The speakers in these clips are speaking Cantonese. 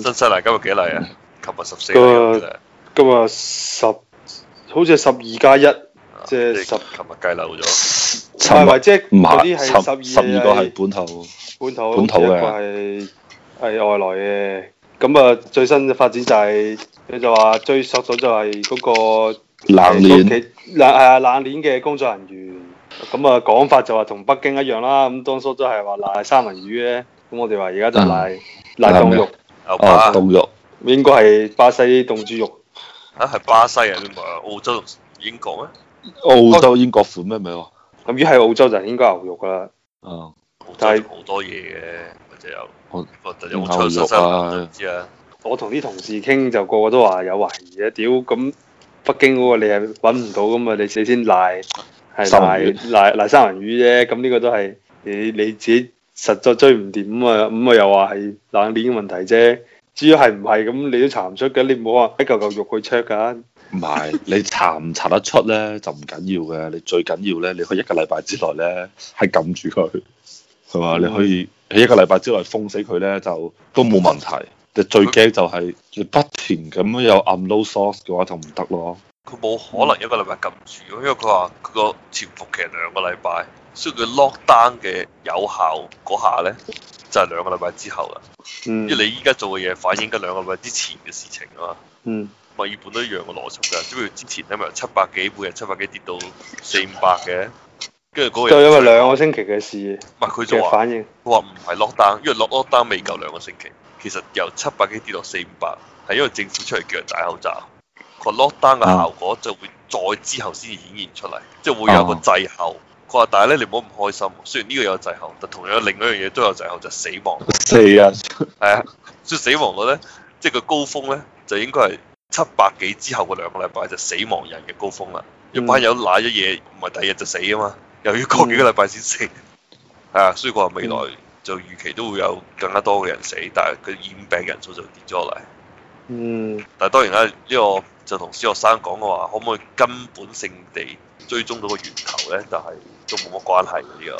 新西蘭今日幾例啊？琴日十四日啫。今日十，好似係十二加一，即係十。琴日計漏咗。係咪，即係嗰啲係十二個係本土，本土嘅係係外來嘅。咁啊，最新嘅發展就係佢就話追溯到就係嗰個冷鏈，冷係冷鏈嘅工作人員。咁啊，講法就話同北京一樣啦。咁當初都係話瀨三文魚嘅，咁我哋話而家就瀨瀨凍肉。哦，凍肉應該係巴西凍豬肉，啊係巴西啊，澳洲、英國咩？澳洲英國款咩？唔係喎。咁如果係澳洲就係應該牛肉㗎喇。哦、嗯，但係是好多嘢嘅，或者有我同啲同事傾就個個都話有懷疑啊！屌咁，北京嗰個你係搵唔到咁嘛？你先瀨係瀨瀨三文魚啫，咁呢個都係你你自己。實在追唔掂、嗯嗯、啊！咁啊又話係冷鏈問題啫。至於係唔係咁，你都查唔出嘅。你唔好話一嚿嚿肉去 check 噶。唔係，你查唔查得出咧就唔緊要嘅。你最緊要咧，你可以一個禮拜之內咧係撳住佢，係嘛？嗯、你可以喺一個禮拜之內封死佢咧，就都冇問題。你最驚就係、是，你不停咁有暗 low、no、source 嘅話就唔得咯。佢冇可能一個禮拜撳住，因為佢話佢個潛伏期兩個禮拜。所以佢 lock down 嘅有效嗰下咧，就係、是、兩個禮拜之後啦。即、嗯、因為你依家做嘅嘢反映緊兩個禮拜之前嘅事情啊嘛。嗯，墨爾本都一樣嘅邏輯㗎。譬如之前咧咪由七百幾，每日七百幾跌到四五百嘅，跟住嗰個，就因為兩個星期嘅事。唔係佢就話，佢話唔係 lock down，因為 lock down 未夠兩個星期。其實由七百幾跌落四五百，係因為政府出嚟叫人戴口罩。佢 lock down 嘅效果就會再之後先至顯現出嚟，即係、嗯、會有個滯後。佢話：但係咧，你唔好唔開心。雖然呢個有滯後，但同樣另一樣嘢都有滯後，就係、死亡。死啊人！係啊， 即死亡率咧，即係個高峰咧，就應該係七百幾之後嘅兩個禮拜就死亡人嘅高峰啦。嗯、一班友賴咗嘢，唔係第日就死啊嘛，又要過幾個禮拜先死。係啊，所以佢話未來就預期都會有更加多嘅人死，但係佢染病嘅人數就跌咗落嚟。嗯。但係當然啦，呢、呢個就同小學生講嘅話，可唔可以根本性地追蹤到個源頭咧？就係、係。都冇乜關係嗰啲咯，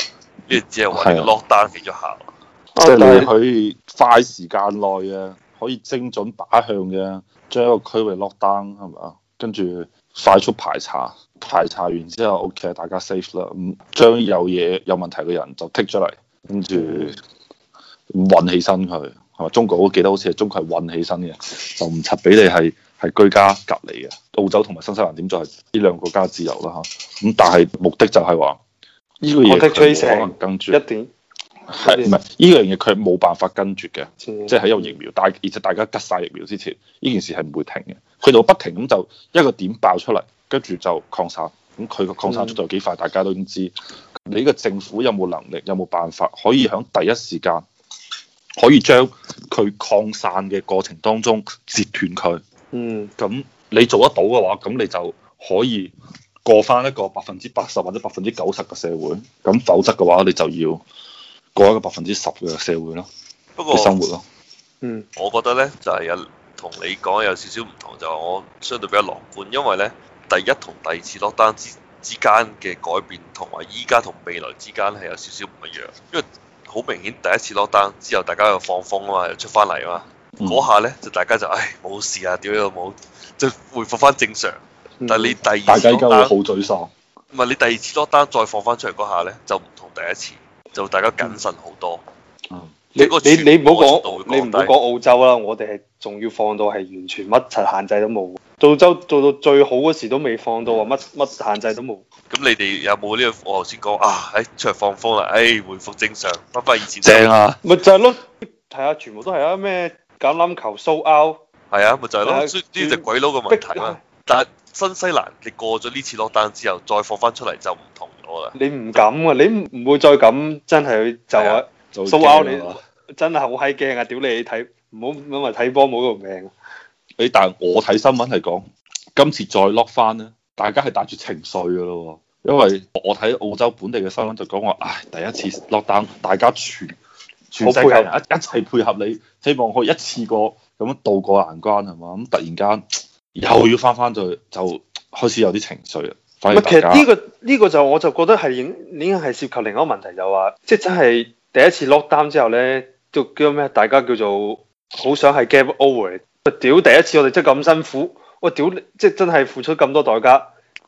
呢啲只係為 lock down 起咗效，即係你可以快時間內啊，可以精準打向嘅，將一個區域 lock down 係嘛，跟住快速排查，排查完之後，OK，大家 safe 啦。咁將有嘢有問題嘅人就剔出嚟，跟住運起身佢係嘛？中國我記得好似係中國係運起身嘅，就唔拆俾你係係居家隔離嘅。澳洲同埋新西蘭點再係呢兩個國家自由啦嚇。咁但係目的就係話。呢個嘢可能跟住一點，係唔係呢樣嘢佢冇辦法跟住嘅，是的 即係喺有疫苗，但係而且大家吉晒疫苗之前，呢件事係唔會停嘅，佢就不停咁就一個點爆出嚟，跟住就擴散，咁佢個擴散速度幾快，大家都已經知。嗯、你呢個政府有冇能力，有冇辦法可以喺第一時間可以將佢擴散嘅過程當中截斷佢？嗯，咁你做得到嘅話，咁你就可以。過翻一個百分之八十或者百分之九十嘅社會，咁否則嘅話，你就要過一個百分之十嘅社會咯，不過生活咯。嗯，我覺得呢就係有同你講有少少唔同，就係我相對比較樂觀，因為呢，第一同第二次落單之之間嘅改變，同埋依家同未來之間咧係有少少唔一樣。因為好明顯第一次落單之後，大家又放風啊嘛，又出翻嚟啊嘛，嗰下呢，就大家就唉冇事啊，點又冇，就回復翻正常。但你第二次落，大家依家會好沮喪。唔係你第二次落單再放翻出嚟嗰下咧，就唔同第一次，就大家謹慎好多。嗯，你你你唔好講，你唔好講澳洲啦。我哋係仲要放到係完全乜柒限制都冇。澳洲做到最好嗰時都未放到啊，乜乜限制都冇。咁你哋有冇呢、呢個我頭先講啊？喺、哎、出嚟放風啦，誒、哎，回復正常，返返以前。正啊！咪就係咯，係啊，全部都係啊，咩橄欖球、so、Out，係啊，咪就係咯，呢呢隻鬼佬嘅問題啦。但係新西蘭，你過咗呢次落單之後，再放翻出嚟就唔同咗啦。你唔敢啊！就你唔會再咁真係去就啊！蘇包 So 了你真係好閪驚啊！屌你睇，唔好諗埋睇波冇個命，啊。你但係我睇新聞係講，今次再 lock 翻咧，大家係帶住情緒噶咯。因為我睇澳洲本地嘅新聞就講話，唉，第一次落單，大家全全世，全世界人一一齊配合你，希望可以一次過咁樣渡過難關係嘛。咁、嗯、突然間。又要翻翻去就開始有啲情緒啦。唔，其實呢個呢個就我就覺得係已經係涉及另一個問題就，就話、是、即係真係第一次 lockdown 之後呢，就叫咩？大家叫做好想係 gave over。屌第一次我哋真係咁辛苦，我屌即係真係付出咁多代價，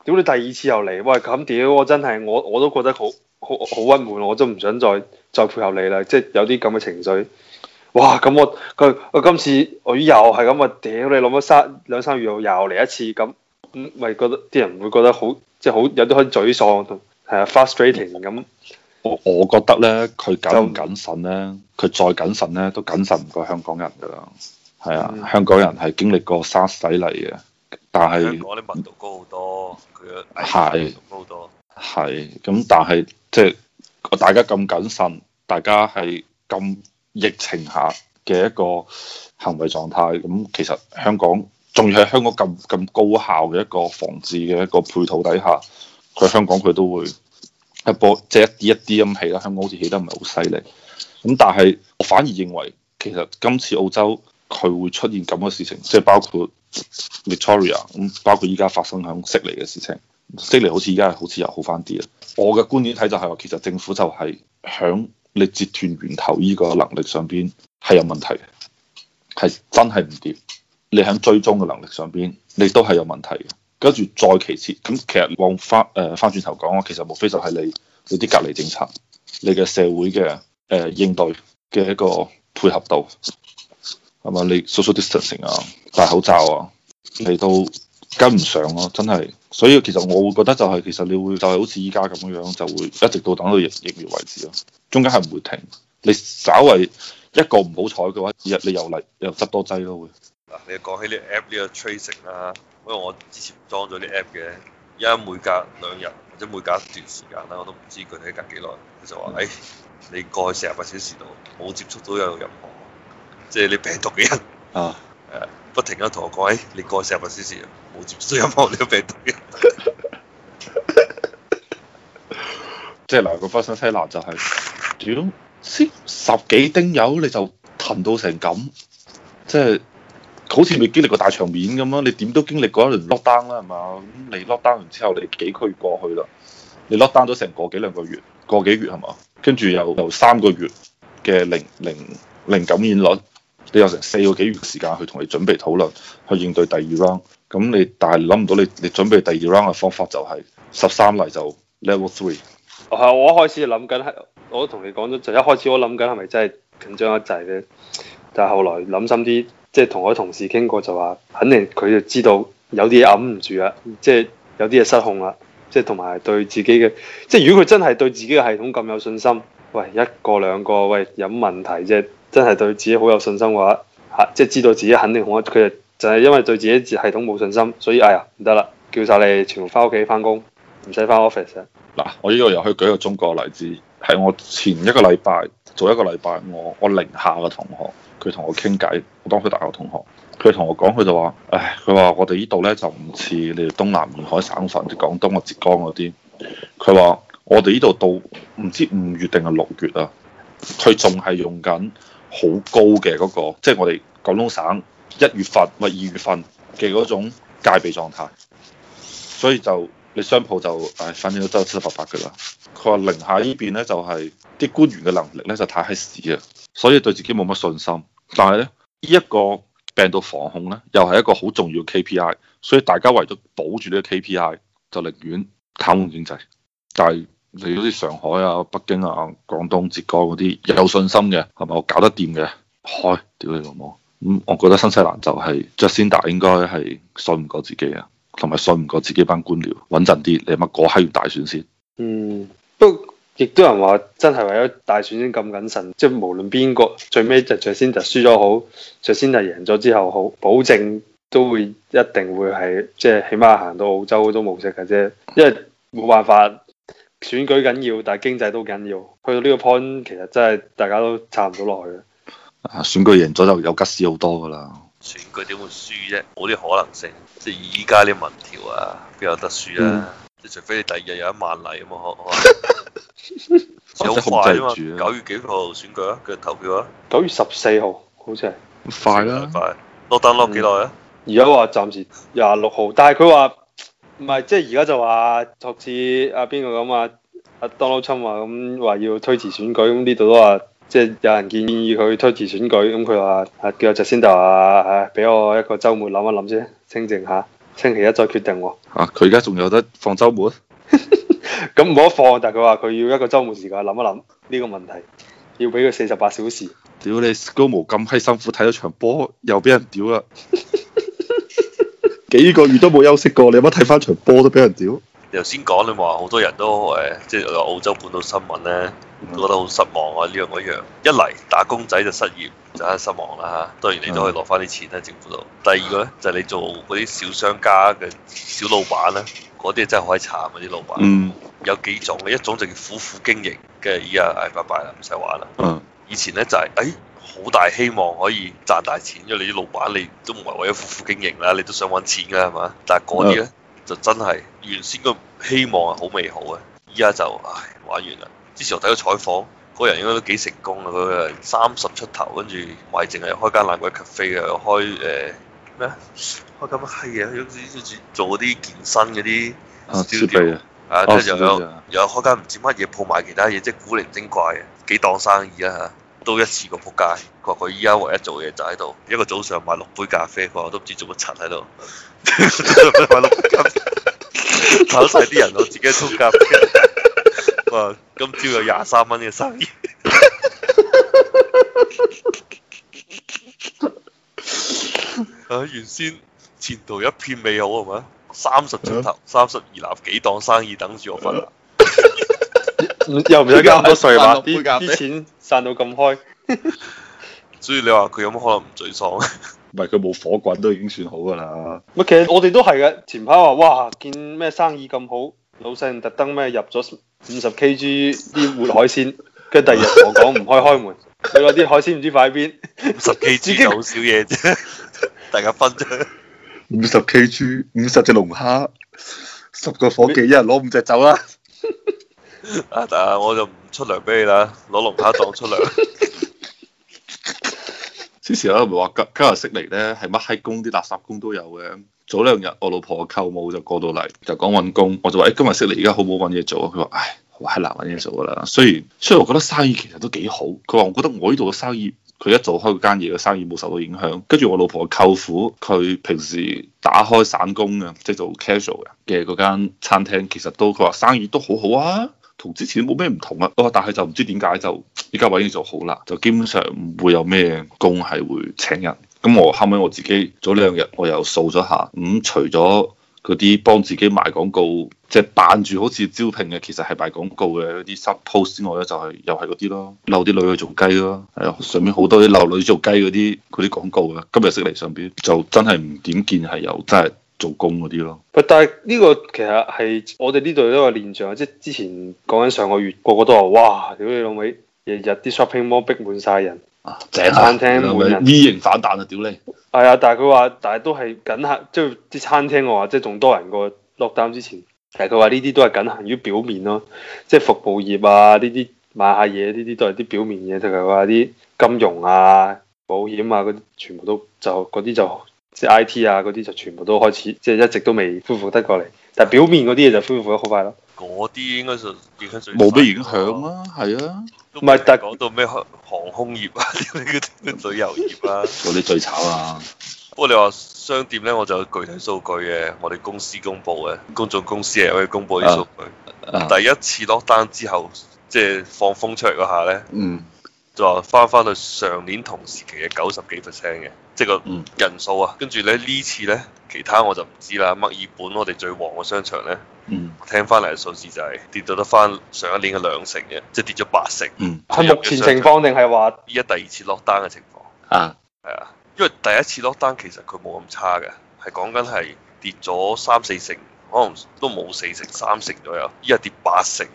屌你第二次又嚟，喂咁屌我真係我我都覺得好好好鬱悶，我都唔想再再配合你啦，即係有啲咁嘅情緒。哇！咁我佢我今次我又係咁啊！屌你攞咗三兩三月又又嚟一次咁，咁咪、嗯、覺得啲人會覺得好即係好有啲好沮喪同係啊 frustrating 咁。Fr rating, 我我覺得咧，佢謹唔謹慎咧，佢就再謹慎咧，都謹慎唔過香港人噶。係啊，嗯、香港人係經歷過沙士嚟嘅，但係香港啲密度高好多，佢嘅係高好多。係咁是，但係即係大家咁謹慎，大家係咁。疫情下嘅一個行為狀態，咁、嗯、其實香港仲要喺香港咁咁高效嘅一個防治嘅一個配套底下，佢香港佢都會一波即係一啲一啲咁起啦。香港好似起得唔係好犀利，咁、嗯、但係我反而認為，其實今次澳洲佢會出現咁嘅事情，即係包括 Victoria 咁、嗯，包括依家發生響悉尼嘅事情，悉尼好似依家係好似又好翻啲啦。我嘅觀點睇就係、是、話，其實政府就係響。你截斷源頭依個能力上邊係有問題嘅，係真係唔掂。你喺追蹤嘅能力上邊，你都係有問題嘅。跟住再其次，咁其實往翻誒翻轉頭講，其實無非就係你你啲隔離政策，你嘅社會嘅誒、呃、應對嘅一個配合度，係咪？你 social distancing 啊，戴口罩啊，你都。跟唔上咯，真係，所以其實我會覺得就係、是，其實你會就係、是、好似依家咁樣就會一直到等到疫疫苗為止咯，中間係唔會停，你稍為一個唔好彩嘅話，日你又嚟又執多劑咯、啊、會。嗱，你講起呢 app 呢個 tracing 啦、啊，因為我之前裝咗呢 app 嘅，而家每隔兩日或者每隔一段時間啦、啊，我都唔知佢哋隔幾耐，佢就話誒，你過去成日多少時度，冇接觸到有任何即係你病毒嘅人啊，誒。不停咁同我講，誒、哎，你過成日先先，冇接衰啊嘛！呢個病毒 即，即係嗱，個新西蘭就係，屌先十幾丁友你就騰到成咁，即係好似未經歷過大場面咁啊！你點都經歷過一輪落單啦，係嘛？咁你落單完之後，你幾區月過去啦？你落單咗成個幾兩個月，個幾月係嘛？跟住又又三個月嘅零零零感染率。你有成四個幾月時間去同你準備討論，去應對第二 round。咁你但係諗唔到你，你你準備第二 round 嘅方法就係十三例就 level three。係我一開始諗緊係，我同你講咗就一開始我諗緊係咪真係緊張一滯咧？但係後來諗深啲，即係同我同事傾過就話，肯定佢就知道有啲嘢揞唔住啊，即係有啲嘢失控啦，即係同埋對自己嘅，即係如果佢真係對自己嘅系統咁有信心，喂一個兩個，喂有問題啫。真係對自己好有信心嘅話，嚇、啊、即係知道自己肯定好，佢就係因為對自己系統冇信心，所以哎呀唔得啦，叫晒你全部翻屋企翻工，唔使翻 office 嗱，我呢個又去以舉一個中國例子，係我前一個禮拜做一個禮拜，我我寧夏嘅同學，佢同我傾偈，當區大學同學，佢同我講，佢就話，唉，佢話我哋呢度呢就唔似你哋東南沿海省份，即係廣東啊、浙江嗰啲，佢話我哋呢度到唔知五月定係六月啊，佢仲係用緊。好高嘅嗰、那個，即、就、係、是、我哋廣東省一月份、咪二月份嘅嗰種戒備狀態，所以就你商鋪就唉、哎，反正都都七七八八嘅啦。佢話寧夏呢邊呢，就係、是、啲官員嘅能力呢，就太喺屎啊，所以對自己冇乜信心。但係呢，呢一個病毒防控呢，又係一個好重要 K P I，所以大家為咗保住呢個 K P I，就寧願癱瘓經濟。但、就是你好似上海啊、北京啊、廣東、浙江嗰啲有信心嘅，係咪我搞得掂嘅？開、哎，屌你老母！咁、嗯、我覺得新西蘭就係 Jacinda 應該係信唔過自己啊，同埋信唔過自己班官僚穩陣啲，你咪果閪要大選先？嗯，不過亦都有人話，真係為咗大選先咁謹慎，即係無論邊個最尾就 Jacinda 輸咗好，Jacinda 贏咗之後好，保證都會一定會係即係起碼行到澳洲嗰種模式嘅啫，因為冇辦法。選舉緊要，但係經濟都緊要。去到呢個 point，其實真係大家都撐唔到落去啊，選舉贏咗就有吉事好多㗎啦。選舉點會輸啫？冇啲可能性。即係依家啲民調啊，邊有得輸啊？即、嗯、除非你第二日有一萬例咁啊可。有 快啊九 月幾號選舉啊？今日投票啊？九月十四號，好似係。快啦，快、嗯！落單落幾耐啊？而家話暫時廿六號，但係佢話。唔係，即係而家就話托治阿邊個咁啊，阿 Donald Trump 話咁話要推遲選舉，咁呢度都話即係有人建議佢推遲選舉，咁佢話阿叫阿侄先答啊，俾我一個週末諗一諗先，清靜下，星期一再決定。啊，佢而家仲有得放週末？咁唔好放，但係佢話佢要一個週末時間諗一諗呢個問題，要俾佢四十八小時。屌你高毛咁閪辛苦睇咗場波，又俾人屌啦！ 幾個月都冇休息過，你有乜睇翻場波都俾人屌。頭先講你話好多人都誒，即係澳洲本土新聞咧，都覺得好失望啊呢樣嗰樣。一嚟打工仔就失業，就係失望啦嚇。當然你都可以攞翻啲錢喺政府度。第二個咧就係、是、你做嗰啲小商家嘅小老闆咧，嗰啲真係好閪慘嗰啲老闆。嗯。有幾種嘅，一種就叫苦苦經營，嘅，跟住依家唉，拜拜啦，唔使玩啦。嗯。以前咧就係、是，哎。好大希望可以賺大錢，因為你啲老闆你都唔係為咗苦苦經營啦，你都想揾錢㗎係嘛？但係嗰啲咧就真係原先個希望係好美好嘅，依家就唉玩完啦。之前我睇個採訪，嗰人應該都幾成功啦。佢係三十出頭，跟住買淨係開間爛鬼 cafe 嘅、呃，開咩啊？開間乜閪嘢？好似好似做嗰啲健身嗰啲設備啊，即係又有又有開間唔知乜嘢鋪賣其他嘢，即係古靈精怪嘅，幾檔生意啊嚇！啊都一次過仆街，佢話佢依家唯一做嘢就喺度，一個早上賣六杯咖啡，佢話我都唔知做乜柒喺度，賣 六杯咖啡炒曬啲人，我自己做咖啡，佢話今朝有廿三蚊嘅生意。 啊！原先前途一片美好係咪？三十出頭，三十而立，幾檔生意等住我瞓啊！又唔使交咁多稅嘛？啲啲錢散到咁開，所以你話佢有乜可能唔沮喪？唔係佢冇火滾都已經算好噶啦。乜其實我哋都係嘅。前排話哇，見咩生意咁好，老細特登咩入咗五十 K G 啲活海鮮，跟住 第二日我講唔開開門，佢話啲海鮮唔知放喺邊。五十 K G 好少嘢啫，大家分啫。五十 K G，五十隻龍蝦，十個伙計一人攞五隻走啦。 啊！我就唔出糧俾你啦，攞龍蝦當出糧。之前 我咪係話今日悉尼咧，係乜閪工？啲垃圾工都有嘅。早兩日我老婆嘅舅母就過到嚟，就講揾工，我就話、欸：今日悉尼而家好唔好揾嘢做啊？佢話：唉，好閪難揾嘢做噶啦。雖然雖然我覺得生意其實都幾好。佢話：我覺得我呢度嘅生意，佢一做開嗰間嘢嘅生意冇受到影響。跟住我老婆嘅舅父，佢平時打開散工嘅，即係做 casual 嘅嗰間餐廳，其實都佢話生意都好好啊。同之前冇咩唔同啊，但係就唔知點解就依家揾嘢做好啦，就基本上唔會有咩工係會請人。咁我後尾我自己早兩日我又掃咗下，咁、嗯、除咗嗰啲幫自己賣廣告，即係扮住好似招聘嘅，其實係賣廣告嘅嗰啲 post 之外咧，就係又係嗰啲咯，留啲女去做雞咯。係啊，上面好多啲留女做雞啲嗰啲廣告啊，今日識嚟上邊就真係唔點見係有真係，做工嗰啲咯，但係呢個其實係我哋呢度一個現象，即係之前講緊上個月個個都話：「哇，屌你老味日日啲 shopping mall 逼滿晒人，啊，正啦，餐廳滿人，衣型反彈啊，屌你！」係啊，但係佢話，但係都係僅限，即係啲餐廳嘅話，即係仲多人過落單之前，其實佢話，呢啲都係僅限於表面咯，即係服務業啊，呢啲買下嘢呢啲都係啲表面嘢，同埋佢話，啲金融啊、保險啊嗰啲全部都就嗰啲就。即係 I T 啊，嗰啲就全部都開始，即係一直都未恢復得過嚟。但係表面嗰啲嘢就恢復得好快咯。嗰啲應該就冇咩影響啊，係啊，都唔係。但係講到咩航空業啊，啲嗰啲旅遊業啊，嗰啲 最慘啊。不過你話商店咧，我就有具體數據嘅，我哋公司公佈嘅，公眾公司係可以公佈啲數據。啊啊、第一次落單之後，即係放風出嚟嗰下咧，嗯。就話翻翻去上年同時期嘅九十幾 percent 嘅，即個人數啊。嗯、跟住咧呢次咧，其他我就唔知啦。墨爾本我哋最旺嘅商場咧，嗯、聽翻嚟嘅數字就係、是、跌到得翻上一年嘅兩成嘅，即係跌咗八成。佢、嗯、目前情況定係話依家第二次落單嘅情況？啊，係啊，因為第一次落單其實佢冇咁差嘅，係講緊係跌咗三四成，可能都冇四成三成左右，依家跌八成。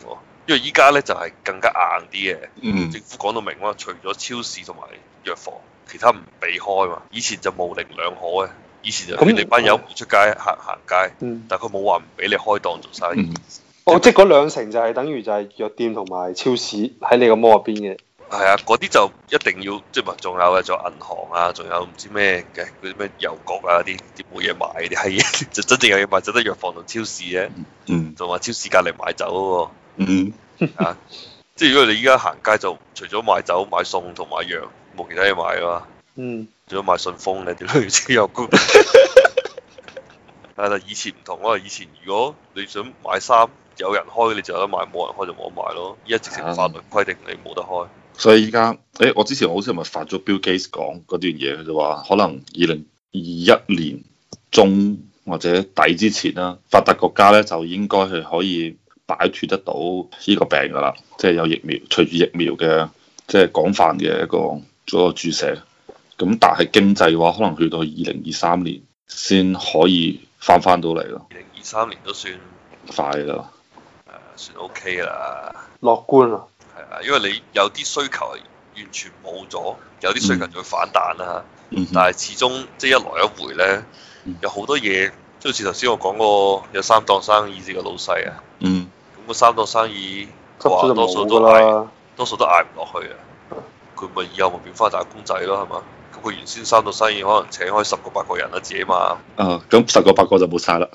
因為依家咧就係更加硬啲嘅、mm，hmm. 政府講到明啊，除咗超市同埋藥房，其他唔俾開嘛。以前就模棱兩可啊。以前就咁，你班友唔出街行行街，mm hmm. 但係佢冇話唔俾你開檔做生意。Mm hmm. 是哦，即係嗰兩成就係、是、等於就係藥店同埋超市喺你個摩入邊嘅。係啊，嗰啲就一定要，即係仲有嘅，仲有銀行啊，仲有唔知咩嘅嗰啲咩郵局啊啲，啲冇嘢賣嘅係嘢，就真正有嘢賣就得藥房同超市嘅、啊，就仲話超市隔籬買走喎。 嗯，啊， 即係如果你依家行街就除咗買酒買餸同買藥，冇其他嘢買啊嘛，嗯，仲要買順豐，你點可以自由供？係 啦， 以前唔同啊。以前如果你想買衫，有人開你就有得買，冇人開就冇得買咯。依家直情法律規定你冇得開。所以依家，誒、欸，我之前好似咪發咗 Bill Gates 講嗰段嘢，佢就話可能二零二一年中或者底之前啦，發達國家咧就應該係可以。擺脫得到呢個病噶啦，即係有疫苗。隨住疫苗嘅即係廣泛嘅一個嗰個注射，咁但係經濟嘅話，可能去到二零二三年先可以翻翻到嚟咯。二零二三年都算快噶啦，誒、啊，算 OK 啊，樂觀啊，係啊，因為你有啲需求完全冇咗，有啲需求就會反彈啦。嗯、但係始終即係一來一回咧，有好多嘢，即係好似頭先我講過有三檔生意字嘅老細啊，嗯。咁三檔生意，哇，多數都係，多數都挨唔落去啊！佢咪以後咪變翻打工仔咯，係嘛？咁佢原先三檔生意可能請開十個八個人啦，自己嘛。啊，咁、嗯、十個八個就冇晒啦。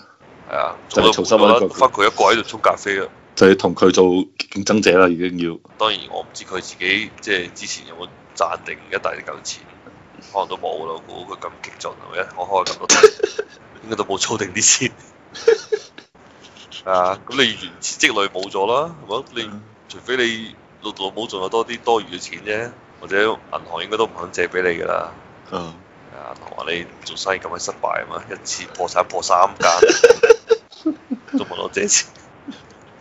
係啊，做到冇啦，翻佢一個喺度沖咖啡啊，就係同佢做競爭者啦，已經要。當然，我唔知佢自己即係之前有冇賺定一大嚿錢，可能都冇啦。估佢咁激進，我可開咁多， 應該都冇儲定啲錢。啊，咁你原始積累冇咗啦，係咪？你除非你老豆老母仲有多啲多餘嘅錢啫，或者銀行應該都唔肯借俾你噶啦。嗯，係啊，銀行話你做生意咁鬼失敗啊嘛，一次破產破三間，都冇得借錢。